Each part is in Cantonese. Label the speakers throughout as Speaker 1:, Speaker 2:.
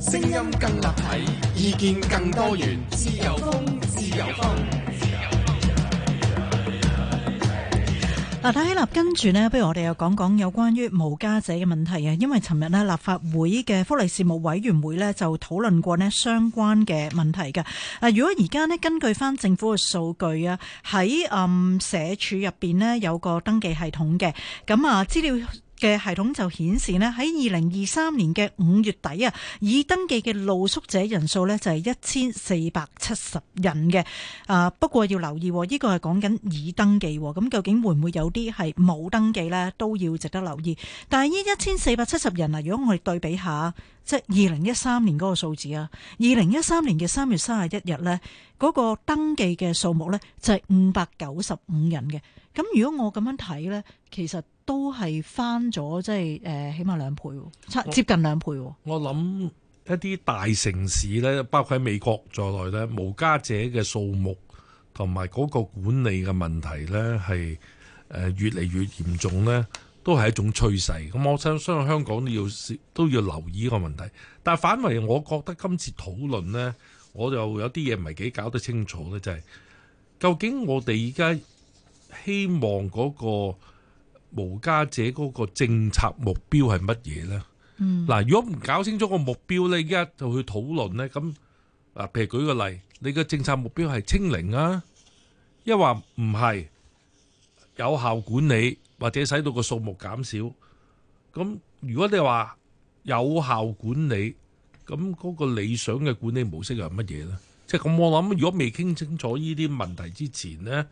Speaker 1: 聲音更立體，意見更多元，自由風，自由風，
Speaker 2: 自由風。嗱，睇起立，跟住呢，不如我哋又講講有關於無家者嘅問題啊！因為尋日呢，立法會嘅福利事務委員會呢就討論過呢相關嘅問題嘅。啊，如果而家呢根據返政府嘅數據啊，喺嗯社署入邊呢有個登記系統嘅，咁啊資料。嘅系統就顯示呢，喺二零二三年嘅五月底啊，已登記嘅露宿者人數呢，就係一千四百七十人嘅。啊，不過要留意，呢個係講緊已登記，咁究竟會唔會有啲係冇登記呢？都要值得留意。但係呢，一千四百七十人啊，如果我哋對比下，即係二零一三年嗰個數字啊，二零一三年嘅三月三十一日呢，嗰個登記嘅數目呢，就係五百九十五人嘅。咁如果我咁樣睇呢，其實。都係翻咗，即係誒，起碼兩倍，接近兩倍。
Speaker 1: 我諗一啲大城市咧，包括喺美國在內呢，無家者嘅數目同埋嗰個管理嘅問題呢，係誒越嚟越嚴重呢，都係一種趨勢。咁我想，相信香港都要都要留意依個問題。但反為，我覺得今次討論呢，我就有啲嘢唔係幾搞得清楚呢，就係究竟我哋而家希望嗰個？無家者嗰個政策目標係乜嘢呢？嗱、嗯，如果唔搞清楚個目標呢，而家就去討論呢。咁嗱，譬如舉個例，你嘅政策目標係清零啊，一話唔係有效管理，或者使到個數目減少。咁如果你話有效管理，咁嗰個理想嘅管理模式係乜嘢呢？即係咁，我諗如果未傾清楚呢啲問題之前呢。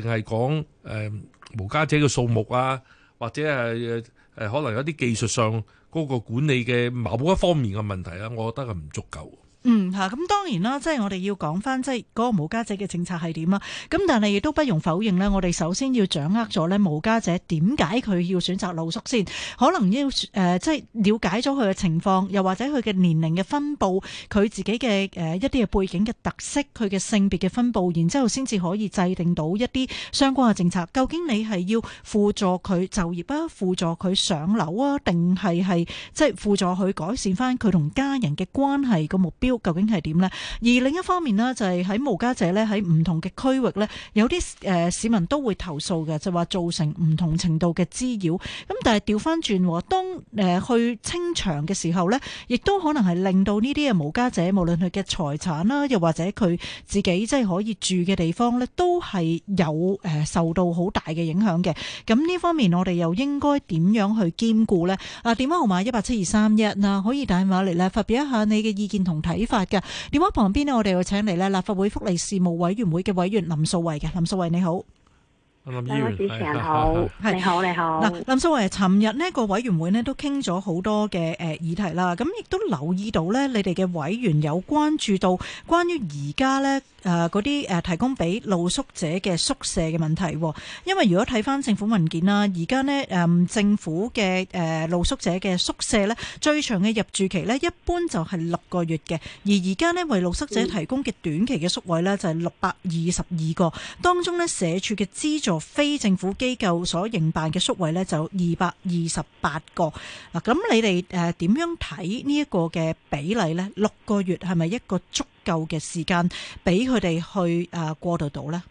Speaker 1: 淨係講誒無家者嘅數目啊，或者係誒、呃、可能有啲技術上嗰個管理嘅某一方面嘅問題啊，我覺得係唔足夠。
Speaker 2: 嗯，吓、嗯，咁當然啦，即係我哋要講翻，即係嗰個無家者嘅政策係點啦，咁但係亦都不容否認咧，我哋首先要掌握咗咧無家者點解佢要選擇露宿先，可能要誒即係了解咗佢嘅情況，又或者佢嘅年齡嘅分布，佢自己嘅誒一啲嘅背景嘅特色，佢嘅性別嘅分布，然之後先至可以制定到一啲相關嘅政策。究竟你係要輔助佢就業啊，輔助佢上樓啊，定係係即係輔助佢改善翻佢同家人嘅關係個目標。究竟係點呢？而另一方面呢就係、是、喺無家者呢喺唔同嘅區域呢有啲誒、呃、市民都會投訴嘅，就話、是、造成唔同程度嘅滋擾。咁但係調翻轉，當誒、呃、去清場嘅時候呢亦都可能係令到呢啲嘅無家者，無論佢嘅財產啦，又或者佢自己即係可以住嘅地方呢都係有誒、呃、受到好大嘅影響嘅。咁呢方面我哋又應該點樣去兼顧呢？啊，電話號碼一八七二三一啦，可以打電話嚟咧，發表一下你嘅意見同睇法嘅電話旁邊呢，我哋要請嚟咧立法會福利事務委員會嘅委員林素蔚嘅，林素蔚，你好。
Speaker 1: 林議員，主持人好，
Speaker 3: 你好，你好。嗱，
Speaker 2: 林素蔚，尋日呢個委員會呢都傾咗好多嘅，誒議題啦。咁亦都留意到呢你哋嘅委員有關注到關於而家呢誒，嗰啲誒提供俾露宿者嘅宿舍嘅問題。因為如果睇翻政府文件啦，而家呢誒政府嘅誒露宿者嘅宿舍呢最長嘅入住期呢一般就係六個月嘅。而而家呢為露宿者提供嘅短期嘅宿位呢就係六百二十二個，當中呢社署嘅資助。非政府機構所營辦嘅宿位呢，就二百二十八個嗱，咁你哋誒點樣睇呢一個嘅比例呢？六個月係咪一個足夠嘅時間俾佢哋去
Speaker 3: 誒過渡到呢？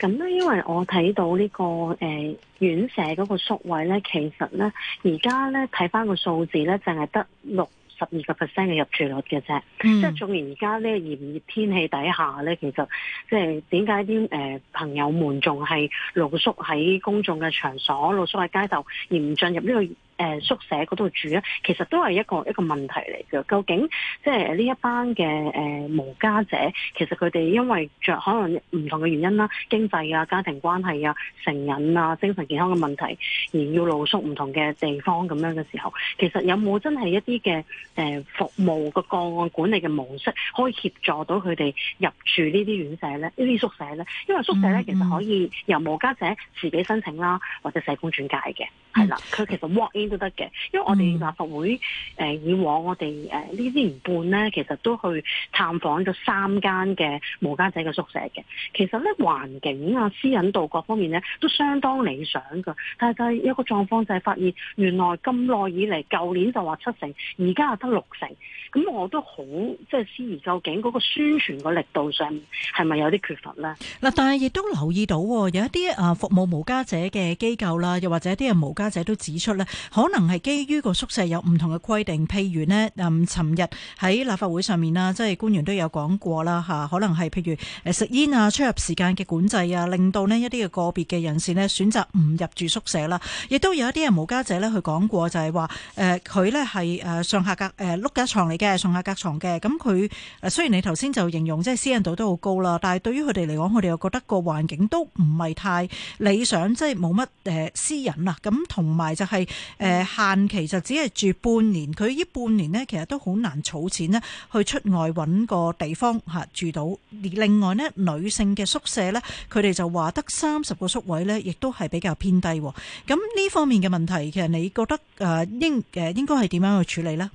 Speaker 3: 咁呢，因為我睇到呢、這個誒、呃、院舍嗰個宿位呢，其實呢，而家呢，睇翻個數字呢，淨係得六。十二個 percent 嘅入住率嘅啫，即係仲而家咧炎熱天氣底下咧，其實即係點解啲誒朋友們仲係露宿喺公眾嘅場所，露宿喺街頭，而唔進入呢、個。誒、呃、宿舍嗰度住咧，其實都係一個一個問題嚟嘅。究竟即係呢一班嘅誒、呃、無家者，其實佢哋因為着可能唔同嘅原因啦，經濟啊、家庭關係啊、成癮啊、精神健康嘅問題，而要露宿唔同嘅地方咁樣嘅時候，其實有冇真係一啲嘅誒服務嘅個案管理嘅模式，可以協助到佢哋入住呢啲院舍咧、呢啲宿舍咧？因為宿舍咧其實可以由無家者自己申請啦，或者社工轉介嘅，係啦，佢其實 work in。都得嘅，嗯、因為我哋立法會誒以往我哋誒呢一年半咧，其實都去探訪咗三間嘅無家者嘅宿舍嘅。其實咧環境啊、私隱度各方面咧都相當理想噶。但係就係一個狀況就係發現，原來咁耐以嚟，舊年就話七成，而家又得六成。咁我都好即係思疑，究竟嗰個宣傳個力度上係咪有啲缺乏咧？
Speaker 2: 嗱，但係亦都留意到有一啲誒服務無家者嘅機構啦，又或者一啲人無家者都指出咧。可能係基於個宿舍有唔同嘅規定，譬如呢，誒，尋日喺立法會上面啦，即係官員都有講過啦，嚇，可能係譬如食煙啊、出入時間嘅管制啊，令到呢一啲嘅個別嘅人士呢選擇唔入住宿舍啦。亦都有一啲人無家者呢，佢講過就係、是、話，誒、呃，佢呢係上下格誒碌架床嚟嘅，上下格床嘅。咁佢雖然你頭先就形容即係私隱度都好高啦，但係對於佢哋嚟講，佢哋又覺得個環境都唔係太理想，即係冇乜私隱啦咁同埋就係、是、誒。呃誒，限期就只係住半年，佢呢半年呢，其實都好難儲錢呢，去出外搵個地方吓住到。另外呢，女性嘅宿舍呢，佢哋就話得三十個宿位呢，亦都係比較偏低，哦。咁呢方面嘅問題，其實你覺得誒、呃、應誒應該係點樣去處理呢？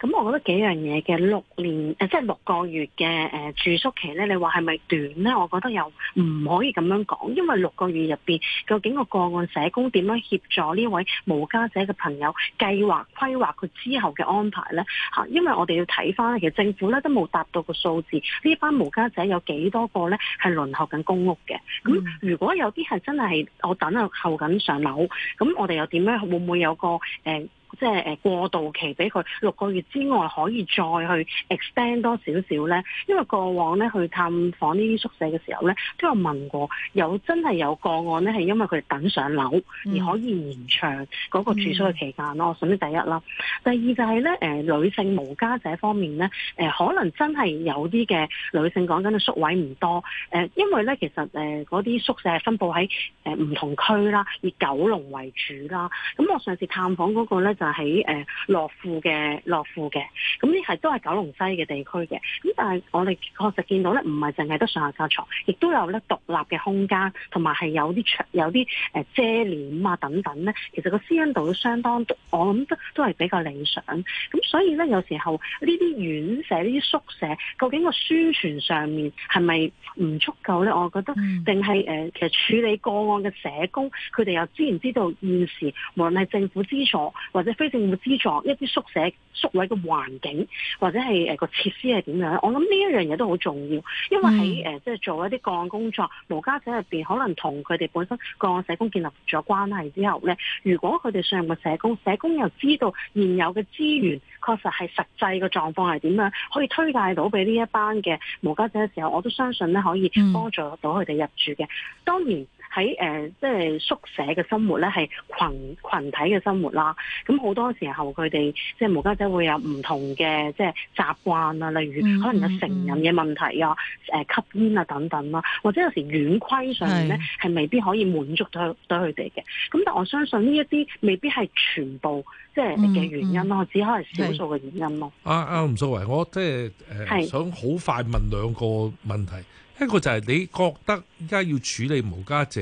Speaker 3: 咁、嗯，我覺得幾樣嘢嘅六年，即係六個月嘅、呃、住宿期咧，你話係咪短咧？我覺得又唔可以咁樣講，因為六個月入邊究竟個個案社工點樣協助呢位無家者嘅朋友計劃規劃佢之後嘅安排咧？因為我哋要睇翻，其實政府咧都冇達到個數字，呢班無家者有幾多個咧係輪候緊公屋嘅？咁、嗯、如果有啲係真係我等啊候緊上，上樓，咁我哋又點樣會唔會有個、呃即係誒過渡期俾佢六個月之外，可以再去 extend 多少少咧？因為過往咧去探訪呢啲宿舍嘅時候咧，都有問過有真係有個案咧，係因為佢哋等上樓而可以延長嗰個住宿嘅期間咯。嗯、我想先第一啦，第二就係咧、呃、女性無家者方面咧、呃、可能真係有啲嘅女性講緊嘅宿位唔多、呃、因為咧其實嗰啲、呃、宿舍係分佈喺唔同區啦，以九龍為主啦。咁我上次探訪嗰個咧，就喺誒樂富嘅樂富嘅，咁呢係都係九龍西嘅地區嘅。咁但係我哋確實見到咧，唔係淨係得上下架床，亦都有咧獨立嘅空間，同埋係有啲有啲誒、呃、遮簾啊等等咧。其實個私隱度都相當，我諗都都係比較理想。咁所以咧，有時候呢啲院舍、呢啲宿舍，究竟個宣傳上面係咪唔足夠咧？我覺得，定係誒其實處理個案嘅社工，佢哋又知唔知道現時無論係政府資助或者？非政府資助一啲宿舍宿位嘅環境或者係誒個設施係點樣？我諗呢一樣嘢都好重要，因為喺誒即係做一啲個案工作，無家者入邊可能同佢哋本身個案社工建立咗關係之後咧，如果佢哋上個社工，社工又知道現有嘅資源確實係實際嘅狀況係點樣，可以推介到俾呢一班嘅無家者嘅時候，我都相信咧可以幫助到佢哋入住嘅。當然。喺誒、呃，即係宿舍嘅生活咧，係群羣體嘅生活啦。咁好多時候他們，佢哋即係無家者會有唔同嘅即係習，習慣啊，例如可能有成人嘅問題啊，誒、嗯嗯呃、吸煙啊等等啦，或者有時候軟規上面咧係是未必可以滿足到到佢哋嘅。咁但我相信呢一啲未必係全部即係嘅原因咯，嗯嗯、只可能少數嘅原因咯。
Speaker 1: 是啊，啊，林素蔚，我即係誒、呃、是想好快問兩個問題。一個就係你覺得依家要處理無家者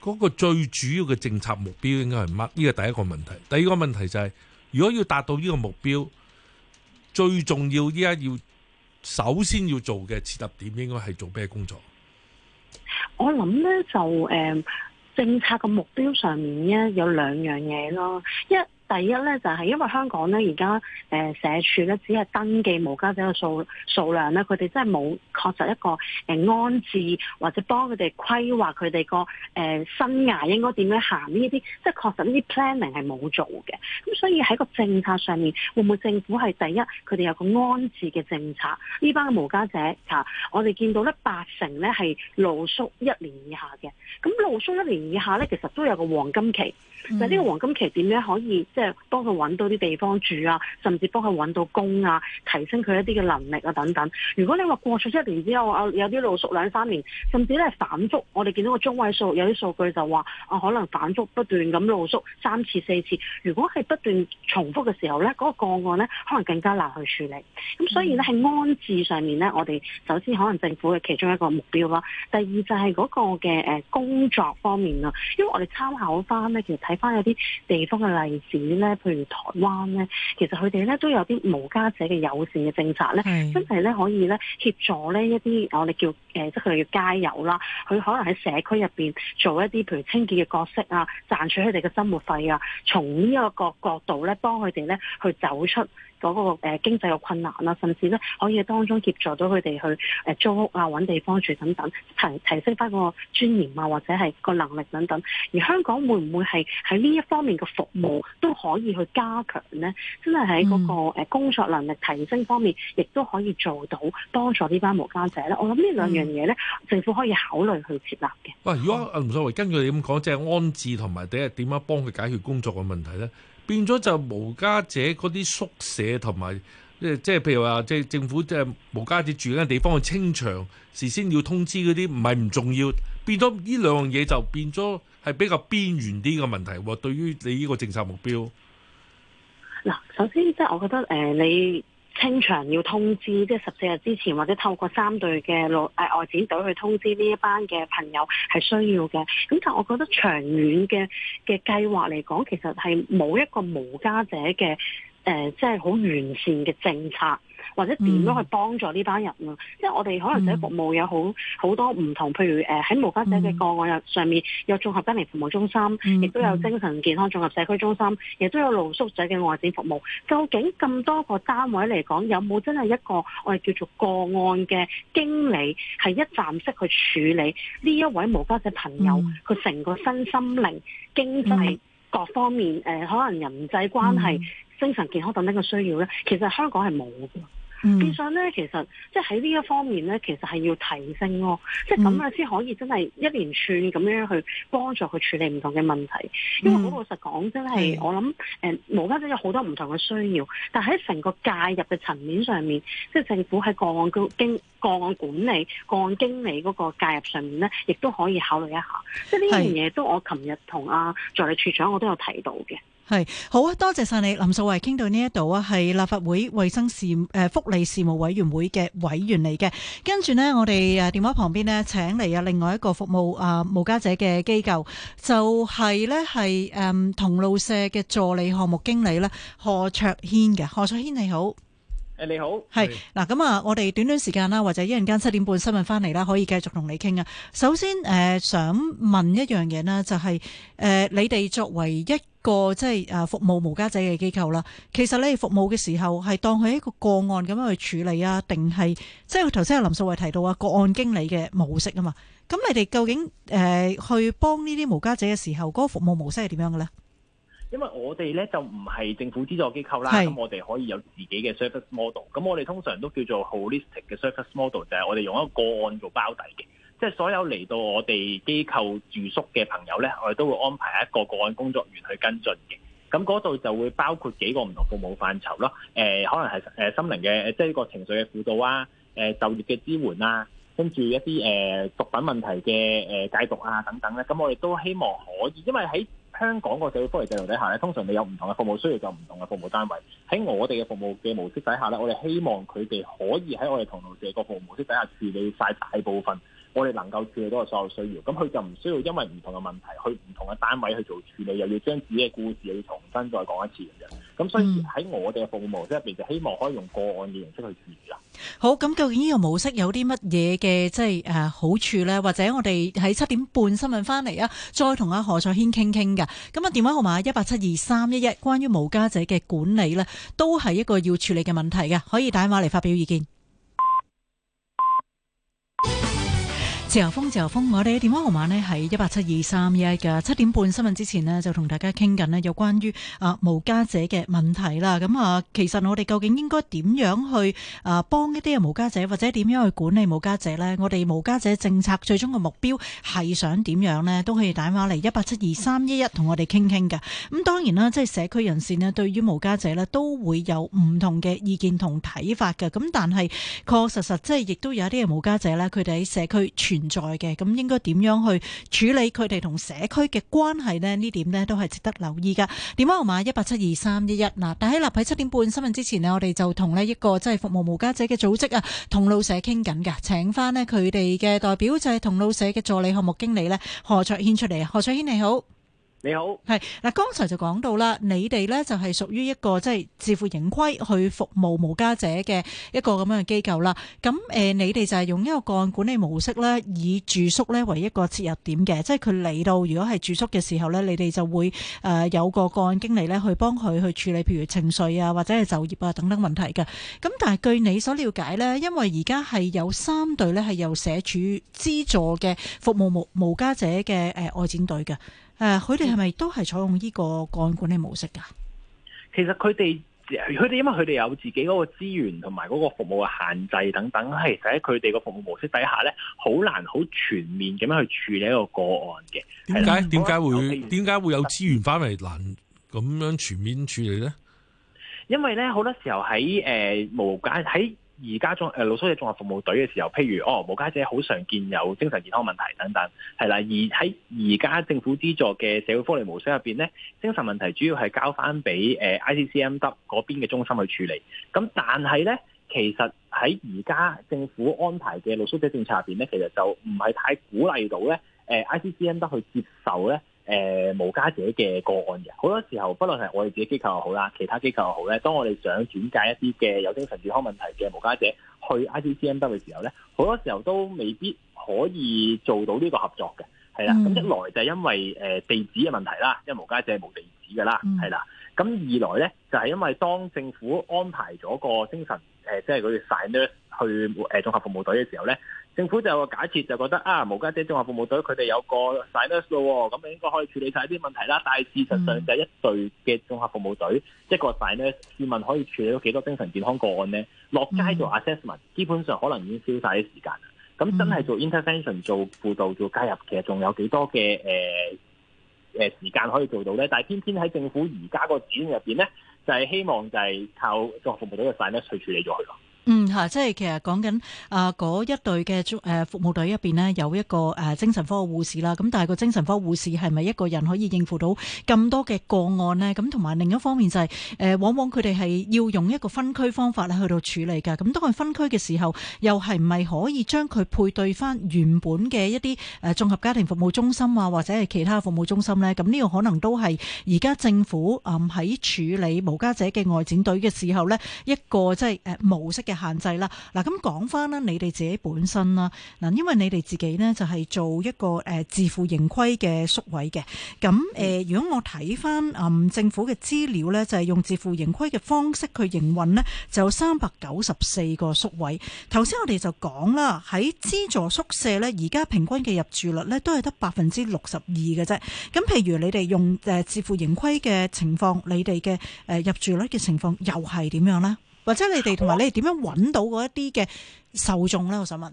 Speaker 1: 嗰、那個最主要嘅政策目標應該係乜？呢個第一個問題。第二個問題就係、是、如果要達到呢個目標，最重要依家要首先要做嘅切入點應該係做咩工作？
Speaker 3: 我諗呢就誒、呃，政策嘅目標上面呢，有兩樣嘢咯，一。第一咧就係、是、因為香港咧而家誒社署咧只係登記無家者嘅數數量咧，佢哋真係冇確實一個誒、呃、安置或者幫佢哋規劃佢哋個誒生涯應該點樣行呢啲，即係確實呢啲 planning 係冇做嘅。咁所以喺個政策上面，會唔會政府係第一佢哋有個安置嘅政策呢班嘅無家者嚇？我哋見到咧八成咧係露宿一年以下嘅，咁露宿一年以下咧其實都有個黃金期，嗯、就係呢個黃金期點樣可以即.即係幫佢揾到啲地方住啊，甚至幫佢揾到工啊，提升佢一啲嘅能力啊等等。如果你話過咗一年之後啊，有啲露宿兩三年，甚至咧反覆，我哋見到個中位數有啲數據就話啊，可能反覆不斷咁露宿三次四次。如果係不斷重複嘅時候咧，嗰個個案咧可能更加難去處理。咁所以咧係安置上面咧，我哋首先可能政府嘅其中一個目標咯。第二就係嗰個嘅誒工作方面啊，因為我哋參考翻咧，其實睇翻有啲地方嘅例子。咧，譬如台灣咧，其實佢哋咧都有啲無家者嘅友善嘅政策咧，是真係咧可以咧協助咧一啲我哋叫誒、呃，即係佢哋叫街友啦，佢可能喺社區入邊做一啲譬如清潔嘅角色啊，賺取佢哋嘅生活費啊，從呢個角角度咧，幫佢哋咧去走出嗰個誒經濟嘅困難啦，甚至咧可以當中協助到佢哋去誒租屋啊、揾地方住等等，提提升返個尊嚴啊，或者係個能力等等。而香港會唔會係喺呢一方面嘅服務都可以去加強咧？真係喺嗰個誒工作能力提升方面，亦都可以做到幫助這些無者呢班無家者咧。我諗呢兩樣嘢咧，嗯、政府可以考慮去設立嘅。
Speaker 1: 喂，如果唔所謂，根據你咁講，即、就、係、是、安置同埋第日點樣幫佢解決工作嘅問題咧？變咗就無家者嗰啲宿舍同埋即係即係譬如話，即係政府即係無家者住緊嘅地方去清場，事先要通知嗰啲唔係唔重要，變咗呢兩樣嘢就變咗係比較邊緣啲嘅問題。對於你呢個政策目標，
Speaker 3: 嗱，首先即係我覺得誒、呃、你。清場要通知，即係十四日之前，或者透過三隊嘅外誒外展隊去通知呢一班嘅朋友係需要嘅。咁但係我覺得長遠嘅嘅計劃嚟講，其實係冇一個無家者嘅誒，即係好完善嘅政策。或者點樣去幫助呢班人啊？即係、嗯、我哋可能社服務有好好、嗯、多唔同，譬如誒喺無家者嘅個案上上面、嗯、有綜合家庭服務中心，亦、嗯、都有精神健康綜合社區中心，亦都有露宿者嘅外展服務。究竟咁多個單位嚟講，有冇真係一個我哋叫做個案嘅經理，係一站式去處理呢一位無家嘅朋友佢成、嗯、個身心靈、經濟各方面、嗯呃、可能人際關係，嗯精神健康等等嘅需要咧，其實香港係冇嘅。嗯、變相咧，其實即係喺呢一方面咧，其實係要提升咯。即係咁樣先可以真係一連串咁樣去幫助佢處理唔同嘅問題。因為好老實講，真係我諗誒、呃，無家者有好多唔同嘅需要，但喺成個介入嘅層面上面，即係政府喺個案經個案管理、個案經理嗰個介入上面咧，亦都可以考慮一下。即係呢樣嘢都我琴日同阿助理處長我都有提到嘅。
Speaker 2: 係好啊！多謝晒你，林素蔚，傾到呢一度啊，係立法會衛生事，誒、呃、福利事務委員會嘅委員嚟嘅。跟住呢，我哋誒電話旁邊呢，請嚟啊另外一個服務啊、呃、無家者嘅機構，就係、是、呢係誒、嗯、同路舍嘅助理項目經理咧，賀卓軒，嘅賀卓軒你好
Speaker 4: 誒你好係
Speaker 2: 嗱咁啊！我哋短短時間啦，或者一陣間七點半新聞翻嚟啦，可以繼續同你傾啊。首先誒、呃，想問一樣嘢呢，就係、是、誒、呃、你哋作為一。個即係誒服務無家者嘅機構啦，其實咧服務嘅時候係當佢一個個案咁樣去處理啊，定係即係頭先阿林素蔚提到啊個案經理嘅模式啊嘛，咁你哋究竟誒去幫呢啲無家者嘅時候，嗰個服務模式係點樣嘅咧？
Speaker 4: 因為我哋咧就唔係政府資助機構啦，咁我哋可以有自己嘅 service model，咁我哋通常都叫做 holistic 嘅 service model，就係我哋用一個個案做包底嘅。即係所有嚟到我哋機構住宿嘅朋友咧，我哋都會安排一個個案工作員去跟進嘅。咁嗰度就會包括幾個唔同服務範疇咯。誒、呃，可能係誒心靈嘅，即係一個情緒嘅輔導啊，誒、呃、就業嘅支援啊，跟住一啲誒、呃、毒品問題嘅誒戒毒啊等等咧、啊。咁我哋都希望可以，因為喺香港個社會福利制度底下咧，通常你有唔同嘅服務需要，就唔同嘅服務單位，喺我哋嘅服務嘅模式底下咧，我哋希望佢哋可以喺我哋同路舍個服務模式底下處理曬大部分。我哋能夠處理到嗰個所有需要，咁佢就唔需要因為唔同嘅問題，去唔同嘅單位去做處理，又要將自己嘅故事又要重新再講一次咁樣。咁所以喺我哋嘅服務模式入邊，就希望可以用個案嘅形式去處理啦。
Speaker 2: 好，咁究竟呢個模式有啲乜嘢嘅即係誒好處咧？或者我哋喺七點半新聞翻嚟啊，再同阿賀卓軒傾傾㗎。咁啊電話號碼一八七二三一一，關於無家者嘅管理咧，都係一個要處理嘅問題嘅，可以打電話嚟發表意見。自由風，自由風，我哋嘅電話號碼呢係一八七二三一一噶。七點半新聞之前呢，就同大家傾緊呢有關於啊無家者嘅問題啦。咁啊，其實我哋究竟應該點樣去啊幫一啲嘅無家者，或者點樣去管理無家者呢？我哋無家者政策最終嘅目標係想點樣呢？都可以打電話嚟一八七二三一一同我哋傾傾噶。咁、啊、當然啦，即係社區人士呢，對於無家者呢，都會有唔同嘅意見同睇法嘅。咁但係確實實，即係亦都有一啲嘅無家者呢，佢哋喺社區全。在嘅咁，應該點樣去處理佢哋同社區嘅關係呢？呢點呢都係值得留意噶。電話號碼一八七二三一一嗱。但喺立喺七點半新聞之前呢，我哋就同呢一個即係服務無家者嘅組織啊，同路舍傾緊㗎。請返呢佢哋嘅代表就係同路舍嘅助理項目經理呢。賀卓軒出嚟。賀卓軒你好。你好係嗱，剛才就講到啦，你哋咧就係屬於一個即係自負盈虧去服務無家者嘅一個咁樣嘅機構啦。咁誒，你哋就係用一個個案管理模式咧，以住宿咧為一個切入點嘅，即係佢嚟到如果係住宿嘅時候咧，你哋就會誒有個個案經理咧去幫佢去處理，譬如情緒啊或者係就業啊等等問題嘅。咁但係據你所了解咧，因為而家係有三隊咧係由社署資助嘅服務無無家者嘅誒外展隊嘅。誒，佢哋係咪都係採用呢個個案管理模式噶？
Speaker 4: 其實佢哋，佢哋因為佢哋有自己嗰個資源同埋嗰個服務嘅限制等等，其實喺佢哋個服務模式底下呢，好難好全面咁樣去處理一個個案嘅。
Speaker 1: 點解？點解會？點解會有資源範圍難咁樣全面處理呢？
Speaker 4: 因為呢，好多時候喺誒無解喺。呃而家仲露宿者綜合服務隊嘅時候，譬如哦，無家者好常見有精神健康問題等等，係啦。而喺而家政府資助嘅社會福利模式入面咧，精神問題主要係交翻俾 ICCMW 嗰邊嘅中心去處理。咁但係咧，其實喺而家政府安排嘅露宿者政策入面咧，其實就唔係太鼓勵到咧、呃、ICCMW 去接受咧。誒無家者嘅個案嘅，好多時候，不論係我哋自己機構又好啦，其他機構又好咧，當我哋想轉介一啲嘅有精神健康問題嘅無家者去 ICCMW 嘅時候咧，好多時候都未必可以做到呢個合作嘅，係啦。咁一來就係因為誒地址嘅問題啦，因為無家者係冇地址㗎啦，係啦。咁二來咧就係因為當政府安排咗個精神誒，即係佢 sign nurse 去誒綜合服務隊嘅時候呢，政府就個假設就覺得啊，無家者，者綜合服務隊佢哋有個 sign nurse 咯，哦，咁應該可以處理晒啲問題啦。但係事實上就係一隊嘅綜合服務隊，mm hmm. 一個 sign nurse 試問可以處理到幾多精神健康個案呢，落街做 assessment，mm hmm。基本上可能已經消晒啲時間了。咁真係做 intervention、做輔導、做介入，其實仲有幾多嘅誒誒時間可以做到呢？但係偏偏喺政府而家個指引入面呢，就係希望就係靠個服務隊嘅快呢，去處理咗佢咯。
Speaker 2: 嗯吓，即係其實講緊啊嗰一隊嘅誒服務隊入邊咧有一個誒精神科嘅護士啦，咁但係個精神科護士係咪一個人可以應付到咁多嘅個案咧？咁同埋另一方面就係誒，往往佢哋係要用一個分區方法咧去到處理噶。咁當佢分區嘅時候，又係唔係可以將佢配對翻原本嘅一啲誒綜合家庭服務中心啊，或者係其他服務中心咧？咁呢個可能都係而家政府啊喺處理無家者嘅外展隊嘅時候咧，一個即係誒模式嘅。限制啦，嗱咁講翻啦，你哋自己本身啦，嗱，因為你哋自己呢，就係做一個誒自負盈虧嘅宿位嘅，咁誒，如果我睇翻啊政府嘅資料呢，就係用自負盈虧嘅方式去營運呢，就三百九十四個宿位。頭先我哋就講啦，喺資助宿舍呢，而家平均嘅入住率呢，都係得百分之六十二嘅啫。咁譬如你哋用誒自負盈虧嘅情況，你哋嘅誒入住率嘅情況又係點樣呢？或者你哋同埋你哋點樣揾到嗰一啲嘅受眾咧？我想問，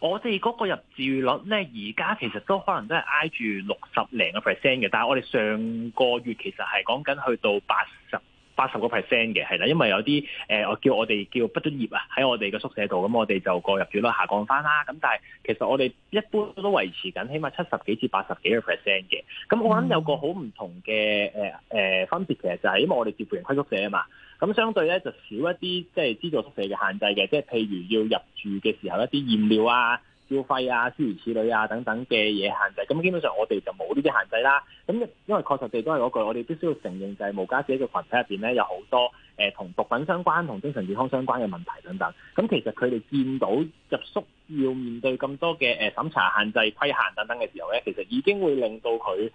Speaker 4: 我哋嗰個入住率咧，而家其實都可能都係挨住六十零個 percent 嘅，但係我哋上個月其實係講緊去到八十八十個 percent 嘅，係啦，因為有啲誒、呃，我叫我哋叫畢咗業啊，喺我哋嘅宿舍度，咁我哋就個入住率下降翻啦。咁但係其實我哋一般都維持緊起碼七十幾至八十幾個 percent 嘅。咁我諗有個好唔同嘅誒誒分別，其實就係因為我哋接戶人居宿舍啊嘛。咁相對咧就少一啲即係資助宿舍嘅限制嘅，即係譬如要入住嘅時候一啲驗尿啊、消費啊諸如此類啊等等嘅嘢限制。咁基本上我哋就冇呢啲限制啦。咁因為確實地都係嗰句，我哋必須要承認就係無家者嘅群體入面咧有好多呃、同毒品相關、同精神健康相關嘅問題等等。咁其實佢哋見到入宿要面對咁多嘅誒審查限制、規限等等嘅時候咧，其實已經會令到佢。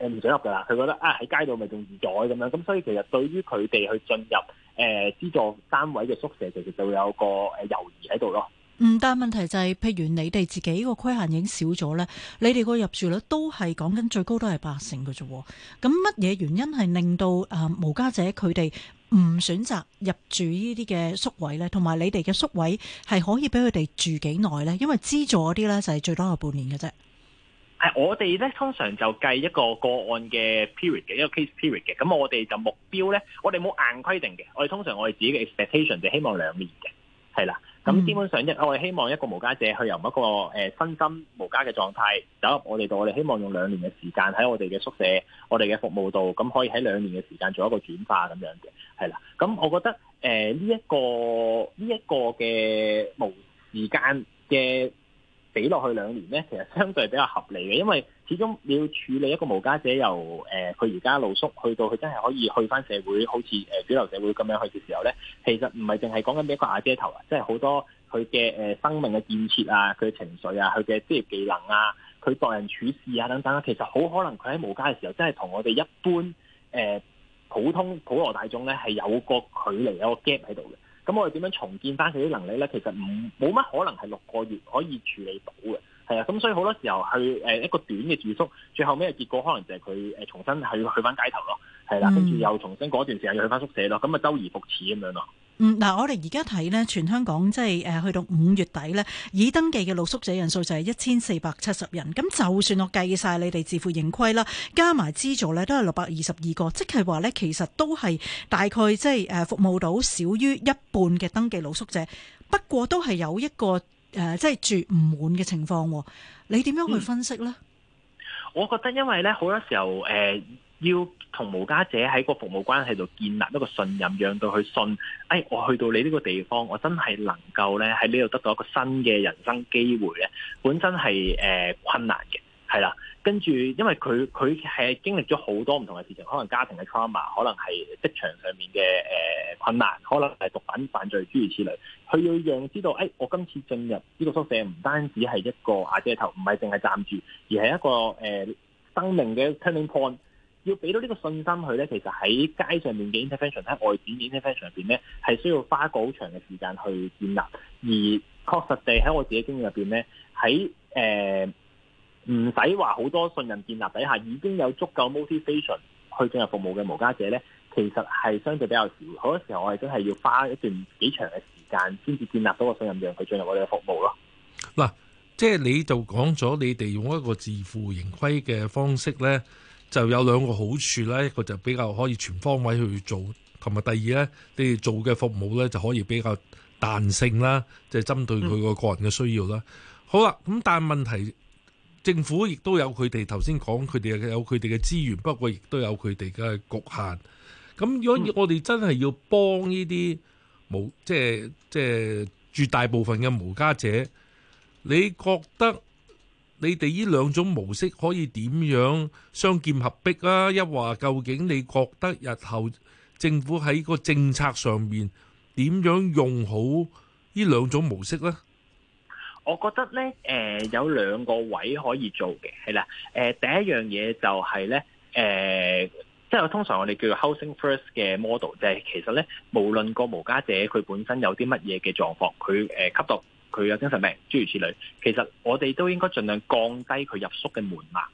Speaker 4: 誒唔想入㗎啦，佢覺得啊喺街度咪仲自在咁樣，咁所以其實對於佢哋去進入誒資助單位嘅宿舍，其實就會有個誒猶豫喺度咯。
Speaker 2: 嗯，但係問題就係、是，譬如你哋自己個規限已經少咗咧，你哋個入住率都係講緊最高都係八成嘅啫。咁乜嘢原因係令到啊無家者佢哋唔選擇入住呢啲嘅宿位咧？同埋你哋嘅宿位係可以俾佢哋住幾耐咧？因為資助嗰啲咧就係最多係半年嘅啫。
Speaker 4: 係我哋咧，通常就計一個個案嘅 period 嘅一個 case period 嘅。咁我哋就目標咧，我哋冇硬規定嘅。我哋通常我哋自己嘅 expectation 就希望兩年嘅，係啦。咁、嗯、基本上一，我哋希望一個無家者去由一個誒身心無家嘅狀態走入我哋度，我哋希望用兩年嘅時間喺我哋嘅宿舍、我哋嘅服務度，咁可以喺兩年嘅時間做一個轉化咁樣嘅，係啦。咁我覺得誒呢一個呢一、個嘅無時間嘅。俾落去兩年咧，其實相對比較合理嘅，因為始終你要處理一個無家者由，由誒佢而家露宿，去到佢真係可以去翻社會，好似誒主流社會咁樣去嘅時候咧，其實唔係淨係講緊俾一個阿姐頭啊，即係好多佢嘅誒生命嘅建設啊，佢嘅情緒啊，佢嘅職業技能啊，佢待人處事啊等等啊，其實好可能佢喺無家嘅時候，真係同我哋一般誒、呃、普通普羅大眾咧，係有一個距離，有個 gap 喺度嘅。咁我哋點樣重建翻佢啲能力咧？其實唔冇乜可能係六個月可以處理到嘅，係啊。咁所以好多時候去、呃、一個短嘅住宿，最後尾嘅結果可能就係佢、呃、重新去去翻街頭咯，係啦，跟住、mm. 又重新嗰段時間又去翻宿舍咯，咁啊周而復始咁樣咯。
Speaker 2: 嗯，嗱、啊，我哋而家睇呢，全香港即係誒、呃，去到五月底呢，已登記嘅露宿者人數就係一千四百七十人。咁就算我計晒你哋自負盈虧啦，加埋資助呢都係六百二十二個，即係話呢，其實都係大概即係誒服務到少於一半嘅登記露宿者，不過都係有一個誒、呃，即係住唔滿嘅情況。你點樣去分析呢、
Speaker 4: 嗯？我覺得因為呢，好多時候誒，呃要同無家者喺個服務關係度建立一個信任，讓到佢信，誒、哎，我去到你呢個地方，我真係能夠咧喺呢度得到一個新嘅人生機會咧。本身係、呃、困難嘅，係啦。跟住因為佢佢係經歷咗好多唔同嘅事情，可能家庭嘅 trauma，可能係職場上面嘅困難，可能係毒品犯罪諸如此類。佢要讓知道，誒、哎，我今次進入呢個宿舍，唔單止係一個阿姐頭，唔係淨係暫住，而係一個、呃、生命嘅 turning point。要俾到呢個信心佢咧，其實喺街上面嘅 intervention 喺外展 intervention 入邊咧，係需要花一個好長嘅時間去建立。而確實地喺我自己的經驗入邊咧，喺誒唔使話好多信任建立底下，已經有足夠 motivation 去進入服務嘅無家者咧，其實係相對比較少。好多時候我哋真係要花一段幾長嘅時間先至建立到個信任，讓佢進入我哋嘅服務咯。
Speaker 1: 嗱，即係你就講咗你哋用一個自負盈虧嘅方式咧。就有兩個好處啦。一個就比較可以全方位去做，同埋第二呢，你做嘅服務呢就可以比較彈性啦，就針對佢個個人嘅需要啦。嗯、好啦，咁但係問題，政府亦都有佢哋頭先講，佢哋有佢哋嘅資源，不過亦都有佢哋嘅局限。咁如果我哋真係要幫呢啲無，即係即係絕大部分嘅無家者，你覺得？你哋呢兩種模式可以點樣相劍合璧啊？一話究竟你覺得日後政府喺個政策上面點樣用好呢兩種模式咧？
Speaker 4: 我覺得咧，誒有兩個位可以做嘅，係啦，誒第一樣嘢就係咧，誒即係通常我哋叫做 housing first 嘅 model，就係其實咧，無論個無家者佢本身有啲乜嘢嘅狀況，佢誒吸毒。佢有精神病，諸如此類。其實我哋都應該盡量降低佢入宿嘅門檻，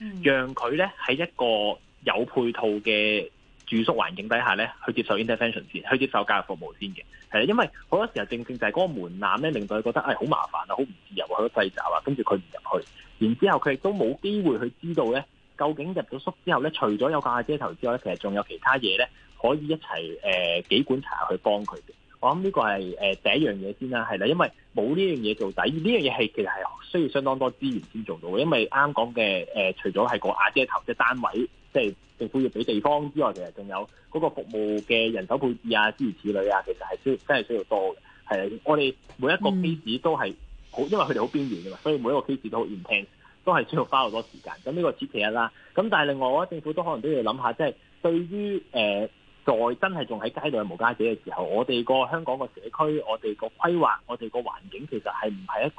Speaker 4: 嗯，讓佢咧喺一個有配套嘅住宿環境底下咧，去接受 intervention 先，去接受介入服務先嘅。係因為好多時候正正就係嗰個門檻咧，令到佢覺得唉好、哎、麻煩啊，好唔自由啊，好多細雜啊，跟住佢唔入去，然之後佢亦都冇機會去知道咧，究竟入咗宿之後咧，除咗有個遮頭之外，其實仲有其他嘢咧可以一齊誒、呃、幾管齊下去幫佢嘅。我諗呢個係誒第一樣嘢先啦、啊，係啦，因為冇呢樣嘢做底，呢樣嘢係其實係需要相當多資源先做到嘅。因為啱講嘅誒，除咗係個阿姐投嘅單位，即係政府要俾地方之外，其實仲有嗰個服務嘅人手配置啊，諸如此類啊，其實係需真係需要多嘅。係我哋每一個 case 都係好，嗯、因為佢哋好邊緣嘅嘛，所以每一個 case 都好唔平，都係需要花好多時間。咁呢個只其一啦。咁但係另外，我覺得政府都可能都要諗下，即係對於誒。呃在真係仲喺街度嘅無家者嘅時候，我哋個香港個社區、我哋個規劃、我哋個環境，其實係唔係一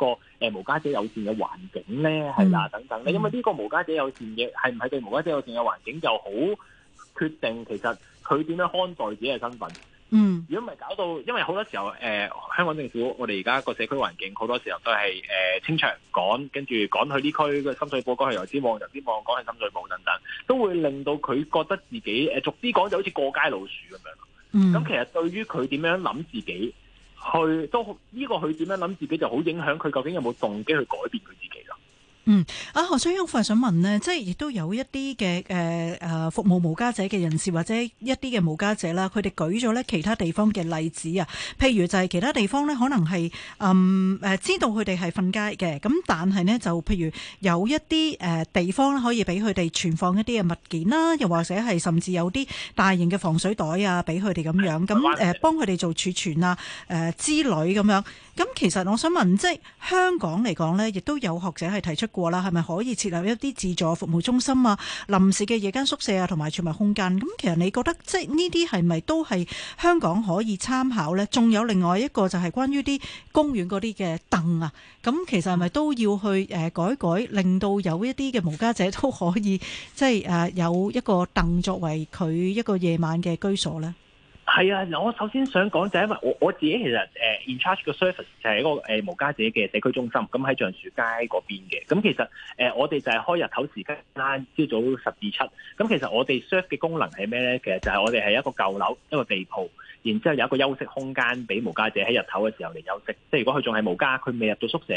Speaker 4: 個無家者友善嘅環境呢？係啦，等等咧，因為呢個無家者友善嘅係唔係對無家者友善嘅環境又好決定，其實佢點樣看待自己嘅身份？嗯，如果唔係搞到，因為好多時候，誒、呃、香港政府，我哋而家個社區環境好多時候都係誒、呃、清場，趕，跟住趕去呢區，個深水埗，趕去油尖旺，油尖旺趕去深水埗等等，都會令到佢覺得自己誒、呃、逐啲講就好似過街老鼠咁樣。嗯，咁其實對於佢點樣諗自己，去都呢、這個佢點樣諗自己就好影響佢究竟有冇動機去改變佢。自
Speaker 2: 嗯，啊賀卓軒，我想問呢，即係亦都有一啲嘅誒服務無家者嘅人士，或者一啲嘅無家者啦，佢哋舉咗呢其他地方嘅例子啊，譬如就係其他地方呢可能係誒、嗯、知道佢哋係瞓街嘅，咁但係呢，就譬如有一啲誒地方可以俾佢哋存放一啲嘅物件啦，又或者係甚至有啲大型嘅防水袋啊，俾佢哋咁樣，咁誒幫佢哋做儲存啊誒之類咁樣。咁其實我想問，即係香港嚟講呢，亦都有學者係提出過啦，係咪可以設立一啲自助服務中心啊、臨時嘅夜間宿舍啊，同埋儲物空間？咁其實你覺得即係呢啲係咪都係香港可以參考呢？仲有另外一個就係關於啲公園嗰啲嘅凳啊，咁其實係咪都要去誒改改，令到有一啲嘅無家者都可以即係誒有一個凳作為佢一個夜晚嘅居所呢？
Speaker 4: 係啊，嗱，我首先想講就係因為我我自己其實誒 in charge 個 service 就係一個誒無家者嘅社區中心，咁喺橡樹街嗰邊嘅。咁其實誒我哋就係開日頭時間，朝早十至七。咁其實我哋 serve 嘅功能係咩咧？其實就係我哋係一個舊樓一個地鋪，然之後有一個休息空間俾無家者喺日頭嘅時候嚟休息。即係如果佢仲係無家，佢未入到宿舍。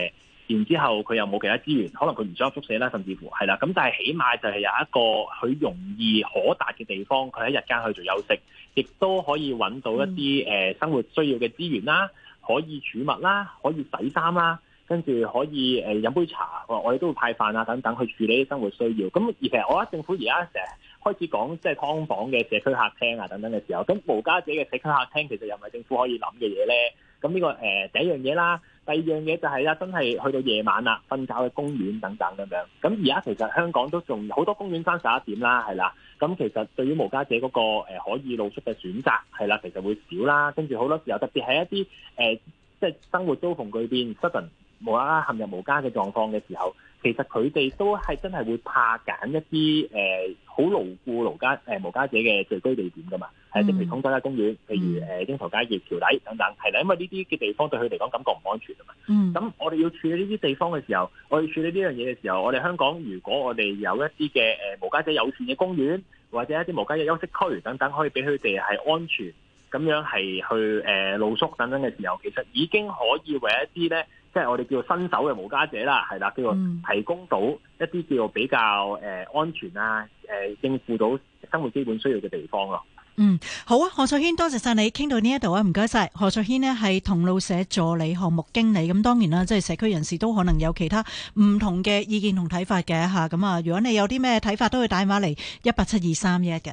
Speaker 4: 然之後，佢又冇其他資源，可能佢唔想入宿舍啦，甚至乎係啦。咁但係起碼就係有一個佢容易可達嘅地方，佢喺日間去做休息，亦都可以揾到一啲誒生活需要嘅資源啦，可以儲物啦，可以洗衫啦，跟住可以誒飲杯茶。我哋都會派飯啊等等去處理啲生活需要。咁而其實我覺得政府而家成日開始講即係㓥房嘅社區客廳啊等等嘅時候，咁無家者嘅社區客廳其實又唔係政府可以諗嘅嘢呢？咁呢、這個誒、呃、第一樣嘢啦。第二樣嘢就係啦，真係去到夜晚啦，瞓覺嘅公園等等咁樣。咁而家其實香港都仲好多公園關十一點啦，係啦。咁其實對於無家者嗰個誒可以露出嘅選擇係啦，其實會少啦。跟住好多時候，特別係一啲誒即係生活遭逢巨變，突然無啦啦陷入無家嘅狀況嘅時候。其實佢哋都係真係會怕揀一啲誒好牢固、牢家誒無家者嘅聚居地點㗎嘛，係，例如通州街公園，譬如誒櫻桃街嘅橋底等等係啦，因為呢啲嘅地方對佢嚟講感覺唔安全啊嘛。咁我哋要處理呢啲地方嘅時候，我要處理呢樣嘢嘅時候，我哋香港如果我哋有一啲嘅誒無家者友善嘅公園，或者一啲無家者休息區等等，可以俾佢哋係安全咁樣係去誒露宿等等嘅時候，其實已經可以為一啲咧。即係我哋叫新手嘅無家者啦，係啦，叫做提供到一啲叫做比較誒安全啊，誒應付到生活基本需要嘅地方咯。嗯，
Speaker 2: 好啊，賀卓軒，多謝晒你傾到呢一度啊，唔該晒。賀卓軒呢係同路舍助理項目經理，咁當然啦，即係社區人士都可能有其他唔同嘅意見同睇法嘅吓。咁啊，如果你有啲咩睇法，都可以打電話嚟一八七二三一嘅。